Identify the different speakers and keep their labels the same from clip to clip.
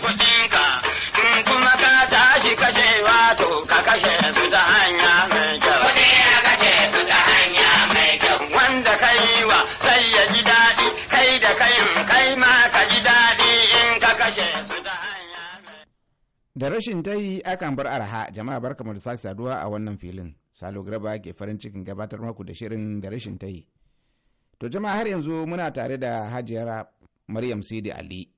Speaker 1: sami in kuma ka tashi kashe wato ka kashe su ta hanya mai kyau. Wanda ka yi wa sai ya ji daɗi kai da kayin kai ma ka ji daɗi in ka kashe su ta hanya Da rashin tayi akan bar arha jama'a barkamu da sake saduwa a wannan filin. Salo Graba ke farin cikin gabatar maku da shirin da rashin tayi. To jama'a har yanzu muna tare da Hajiyar Maryam Sidi Ali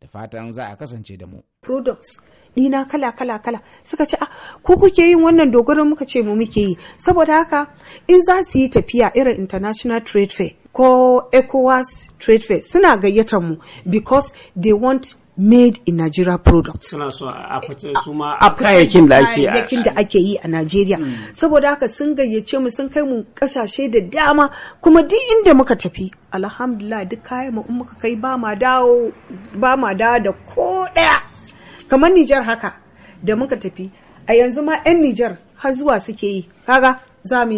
Speaker 1: da fatan za a kasance da mu.
Speaker 2: Products dina kala kala kala suka ce ah ko kuke yin wannan dogaro muka ce mu muke yi saboda haka in za su yi tafiya irin international trade fair ko ECOWAS trade fair suna gayyatar mu because they want made in Nigeria products. a kayayyakin da ake yi a Nigeria. Hmm. Saboda haka sun gayyace mu sun kai mu kasashe da dama kuma duk inda muka tafi alhamdulillah duk kayan mu muka kai ba ma dawo ba ma da ko daya. Kamar Nijar haka da muka tafi a yanzu ma 'yan Nijar har zuwa suke yi kaga za mu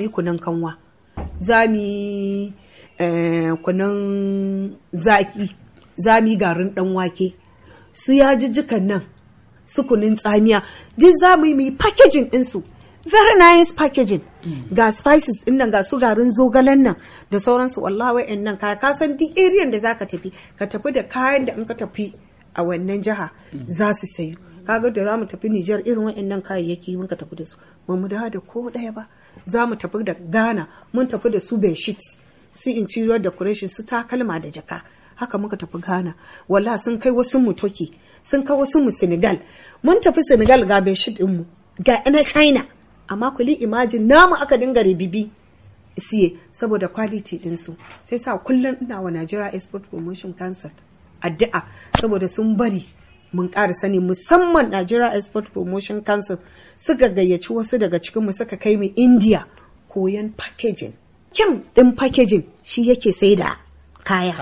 Speaker 2: yi kunan kanwa za mu yi eh, kunan zaki za garin ɗan wake su jikan nan sukunin tsamiya duk za mu yi packaging ɗinsu very nice packaging mm. ga spices ɗin nan ga su garin zogalen nan da sauransu wallahi wa'in nan ka san duk area da ka tafi ka tafi da kayan da in ka tafi a wannan jiha za su sayu kaga da za mu tafi Nijar irin nan kayayyaki mun ka tafi da su ba mu da da ko ɗaya ba za mu tafi da Ghana mun tafi da su bedsheet su interior decoration su takalma da jaka haka muka tafi ghana wala sun kai wasu mu toki sun kai wasu mu senegal mun tafi senegal ga beshit mu ga na china amma kuli imajin namu aka dinga ribibi siye saboda quality ɗinsu sai sa kullum ina wa nigeria export promotion council addu'a saboda sun bari mun ƙara sani musamman nigeria export promotion council suka gayyaci wasu daga cikin mu suka kai mu india koyan packaging kyan din packaging shi yake saida kaya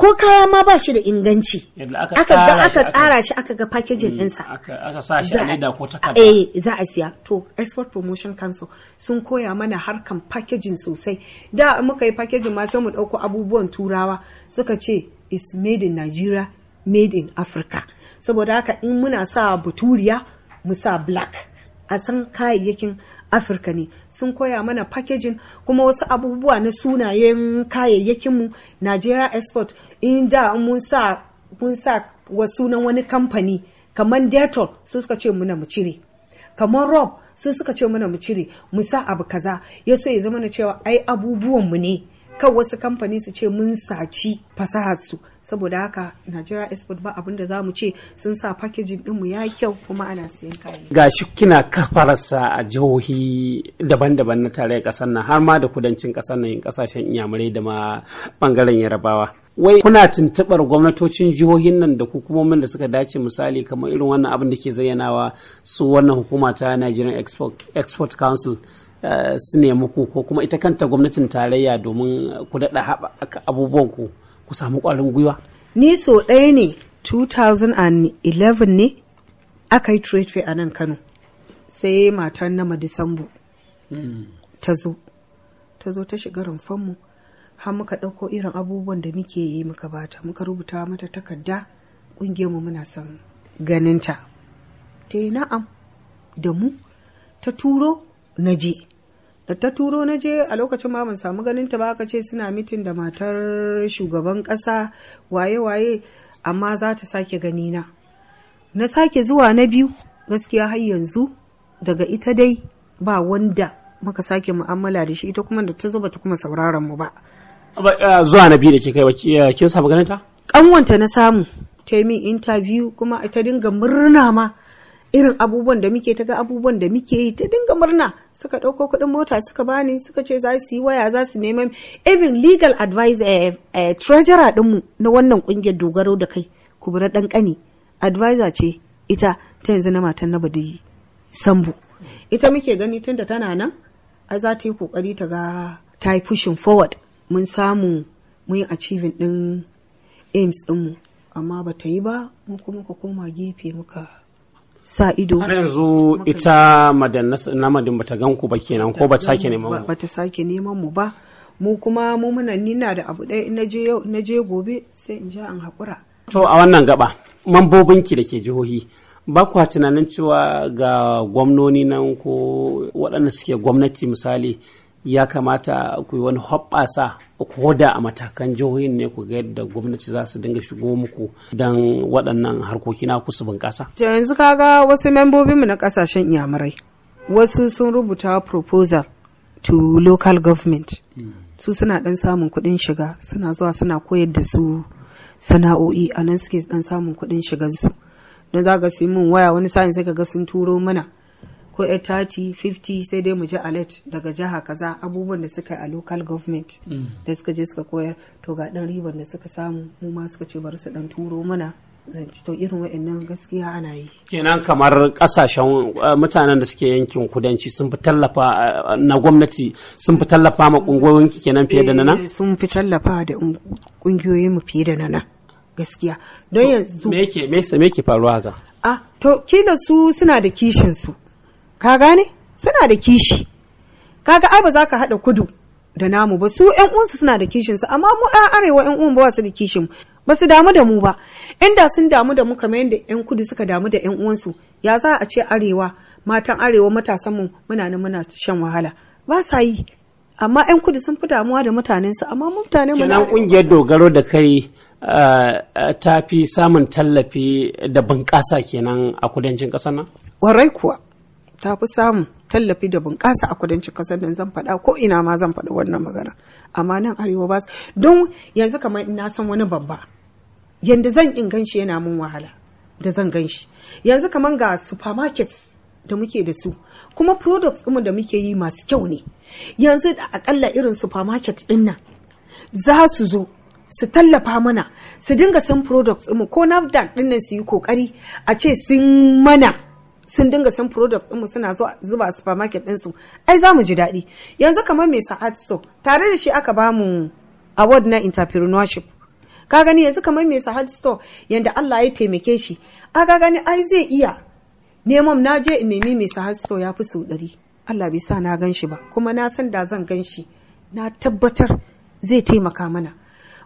Speaker 2: ko kaya ma ba shi da inganci aka ga aka tsara shi aka ga packaging mm, ɗinsa
Speaker 1: aka sa shi a leda ko takarda eh
Speaker 2: za a siya to export promotion council sun koya mana harkan packaging sosai da muka yi packaging ma sai mu ɗauko abubuwan turawa suka ce is made in Nigeria made in Africa saboda haka in muna sa buturiya mu sa black a san kayayyakin afirka ne sun koya mana packaging kuma wasu abubuwa na sunayen kayayyakinmu nigeria export inda mun sa mun sa wa sunan wani kamfani kamar detol su suka ce muna mu cire kamar rob su suka ce muna mu cire mu sa abu kaza ya so ya zama na cewa ai abubuwanmu ne kan wasu kamfani su ce mun saci fasahar su saboda haka Nigeria Export ba abin da mu ce sun sa packaging din mu ya kyau kuma ana siyan kayan
Speaker 1: gashi kina kafararsa a jihohi daban-daban na tarayyar kasar nan har ma da kudancin kasar nan yin kasashen inyamurai da ma bangaren yarabawa wai kuna tuntubar gwamnatocin jihohin nan da hukumomin da suka dace misali kamar irin wannan abin da ke zayyanawa su wannan hukuma ta Nigerian Export, Export Council Eh, su nemi ku ko kuma ita kanta gwamnatin
Speaker 2: tarayya domin ku daɗa haɓaka abubuwan ku ku samu ƙwarin gwiwa? Ni so ɗaya ne 2011 ne aka yi trade fair a nan Kano sai matan na Madisambu hmm. ta zo ta zo ta shiga rumfanmu har muka ɗauko irin abubuwan da muke yi muka bata muka rubuta mata takarda ƙungiyarmu muna son ganinta ta yi na'am da mu ta turo na je da ta turo na je a lokacin ma ban samu ganin ta ba aka ce suna mitin da matar shugaban kasa waye-waye amma za ta sake gani na na sake zuwa na biyu gaskiya har yanzu daga ita dai ba wanda muka sake mu'amala da shi ita kuma da ta zo bata kuma sauraron mu ba
Speaker 1: eh, zuwa na biyu da ke kai ba eh, kin samu ganin ta
Speaker 2: kanwanta na samu ta yi min interview kuma ta dinga murna ma irin abubuwan da muke ta ga abubuwan da muke yi ta dinga murna suka ɗauko kuɗin mota suka bani suka ce za su yi waya za su neman even legal advice a eh, eh, treasurer ɗinmu na wannan ƙungiyar dogaro da kai kubura ɗan ƙani advisor ce ita ta yanzu na matan na badi sambu ita muke gani tunda tana nan a za ta yi ƙoƙari ta ga ta yi pushing forward mun samu mun yi achieving ɗin aims ɗinmu amma ba ta yi ba mu kuma ka koma gefe muka sa ido har yanzu
Speaker 1: ita namadin bata gan ku ba kenan ko ba sake neman mu
Speaker 2: bata sake neman mu ba mu kuma mu muna nina da abu ɗaya na je yau na je gobe sai in ja an hakura
Speaker 1: to a wannan gaba mambobinki da ke jihohi ba ku tunanin cewa ga gwamnoni nan ko waɗanda suke gwamnati misali ya kamata ku yi wani hoɓɓasa da a matakan jihohin ne ku ga yadda gwamnati za su dinga shigo muku don waɗannan harkoki na kusa bunƙasa.
Speaker 2: to yanzu kaga wasu membobinmu na ƙasashen iyamurai wasu sun rubuta proposal to local government hmm. su suna ɗan samun kuɗin shiga suna zuwa suna koyar da su sana'o'i a nan suke ɗan samun kuɗin shigansu don za ga su yi min waya wani sa'in sai ka ga sun turo mana ko 30 50 sai dai mu ji alert daga jiha kaza abubuwan da suka yi a local government mm. da suka je suka koyar to ga dan ribar da suka samu mu ma suka ce bari su dan turo mana zanci to irin wa'annan gaskiya ana yi
Speaker 1: kenan kamar kasashen eh, mutanen da suke yankin kudanci sun fi tallafa eh, na gwamnati sun fi tallafa ma kungiyoyin kenan fiye da nana eh,
Speaker 2: sun fi tallafa da kungiyoyin mu fiye da nana gaskiya
Speaker 1: don yanzu me yake me yake faruwa ga
Speaker 2: a ah, to kila su suna da kishin su ka gane suna da kishi kaga ai ba za ka haɗa kudu da namu ba su yan uwansu suna da kishin su amma mu a arewa yan uwan ba su da kishin ba su damu da mu ba inda sun damu da mu kamar yadda yan kudu suka damu da yan uwansu ya za a ce arewa matan arewa matasan mu muna nan muna shan wahala ba sa yi amma yan kudu sun fi damuwa da mutanen su amma mutanen mu nan
Speaker 1: kungiyar dogaro da kai eh, eh, ta fi samun tallafi da bunƙasa kenan a kudancin ƙasar nan kuwa
Speaker 2: ta fi samun tallafi da bunƙasa a kudancin ƙasar nan zan faɗa ko ina ma zan faɗa wannan magana amma nan arewa ba don yanzu kamar na san wani babba yanda zan in ganshi yana mun wahala da zan ganshi yanzu kamar ga supermarkets da muke da su kuma products ɗin da muke yi masu kyau ne yanzu da akalla irin supermarket ɗin nan za su zo su tallafa mana su dinga san products ɗin ko nafdac ɗin nan su yi kokari a ce sun mana sun dinga san product ɗinmu suna zuba supermarket ɗinsu ai za mu ji daɗi yanzu kamar mai sa'ad store tare da shi aka ba mu award na entrepreneurship ka gani yanzu kamar mai sa'ad store yanda Allah ya taimake shi a ka gani ai zai iya neman na je in nemi mai sa'ad store ya fi sau ɗari Allah bai sa na gan shi ba kuma na san da zan gan shi na tabbatar zai taimaka mana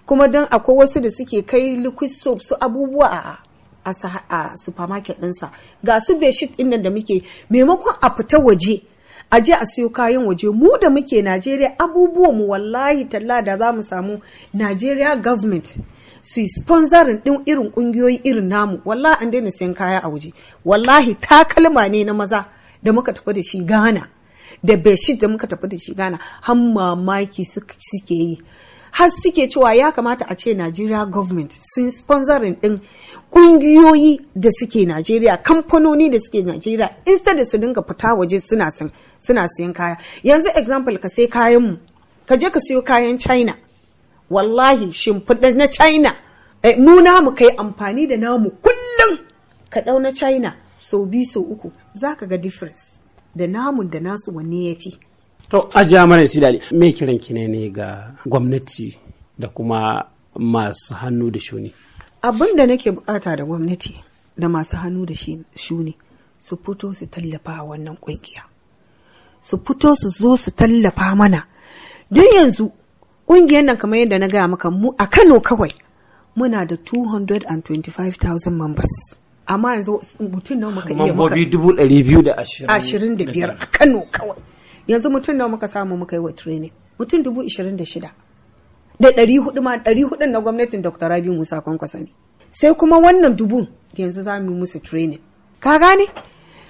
Speaker 2: kuma don akwai wasu da suke kai liquid soap su abubuwa a a supermarket ɗinsa ga su beshit ɗin da muke maimakon a fita waje a je a siyo kayan waje mu da muke najeriya abubuwan mu wallahi talla da za mu samu najeriya government su yi sponsorin din irin ƙungiyoyi irin namu wallahi an daina siyan kaya a waje wallahi takalma ne na maza da muka tafi da shi ghana da beshit da muka tafi da shi gana har mamaki suke yi har suke cewa ya kamata a ce Najeriya government sun sponsoring din kungiyoyi da suke Najeriya kamfanoni da suke Najeriya instead da su dinga fita waje suna suna siyan kaya yanzu example ka sai kayan mu ka je ka siyo kayan China wallahi shimfiɗa na China eh, mu namu kai amfani da namu kullum ka ɗau na China sau bi sau uku zaka ga difference da namun da nasu wanne ya fi
Speaker 1: To ajiya mara dali me kiran ki ne ga gwamnati da kuma masu hannu da shuni.
Speaker 2: Abin da nake bukata da gwamnati da masu hannu da shuni su fito su tallafa wannan kungiya. Su fito su zo su tallafa mana. Don yanzu kungiyar nan kamar yadda na gaya maka mu a Kano kawai muna da 225,000 members. amma yanzu mutum nan muka iya maka mambobi dubu a Kano kawai yanzu mutum nawa muka samu muka yi wa training mutum dubu ishirin da shida da ɗari hudu ma ɗari hudun na gwamnatin dr rabi musa kwankwasa ne sai kuma wannan dubu yanzu za mu musu training ka gane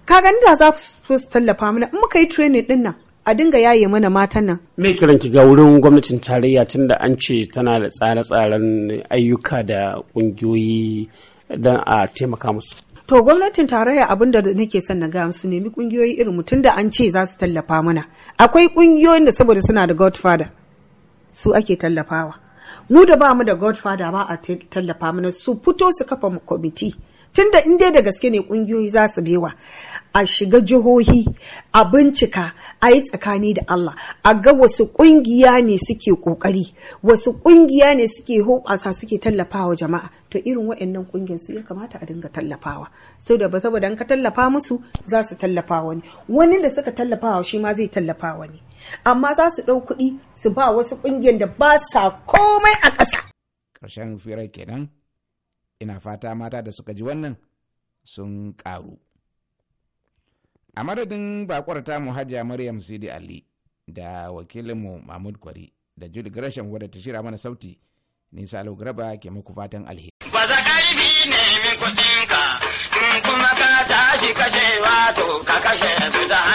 Speaker 2: ka gani da za su tallafa mana in muka yi training din nan a dinga yaye mana matan nan
Speaker 1: me kiran ki ga wurin gwamnatin tarayya tunda an ce tana da tsare-tsaren ayyuka da ƙungiyoyi don a taimaka musu
Speaker 2: to gwamnatin tarayya abin da nake son na gaya su nemi kungiyoyi irin mutum da an ce za su tallafa mana akwai kungiyoyin da saboda suna da godfather su ake tallafawa mu da ba mu da godfather ba a tallafa mana su fito su kafa kwamiti tunda in dai da gaske ne kungiyoyi za su bewa a shiga jihohi a bincika a yi tsakani da Allah a ga wasu ƙungiya ne suke kokari wasu ƙungiya ne suke hoɓasa suke tallafawa jama'a to irin waɗannan kungiyar su ya kamata a dinga tallafawa sau da saboda an ka tallafa musu za su tallafa wani wani da suka tallafawa shi ma zai tallafa wani amma za su ɗau kuɗi su ba wasu kungiyar da ba sa komai a ƙasa
Speaker 1: ƙarshen firar kenan ina fata mata da suka ji wannan sun ƙaru a madadin bakwar Muhajja hajiya maryam sidi ali da wakilinmu mahmud kwari da julie gresham wadda ta shira mana sauti nisa graba ke muku fatan alheri ba za ƙarfi ne min kuɗinka kuma ka tashi kashe ka kashe su ta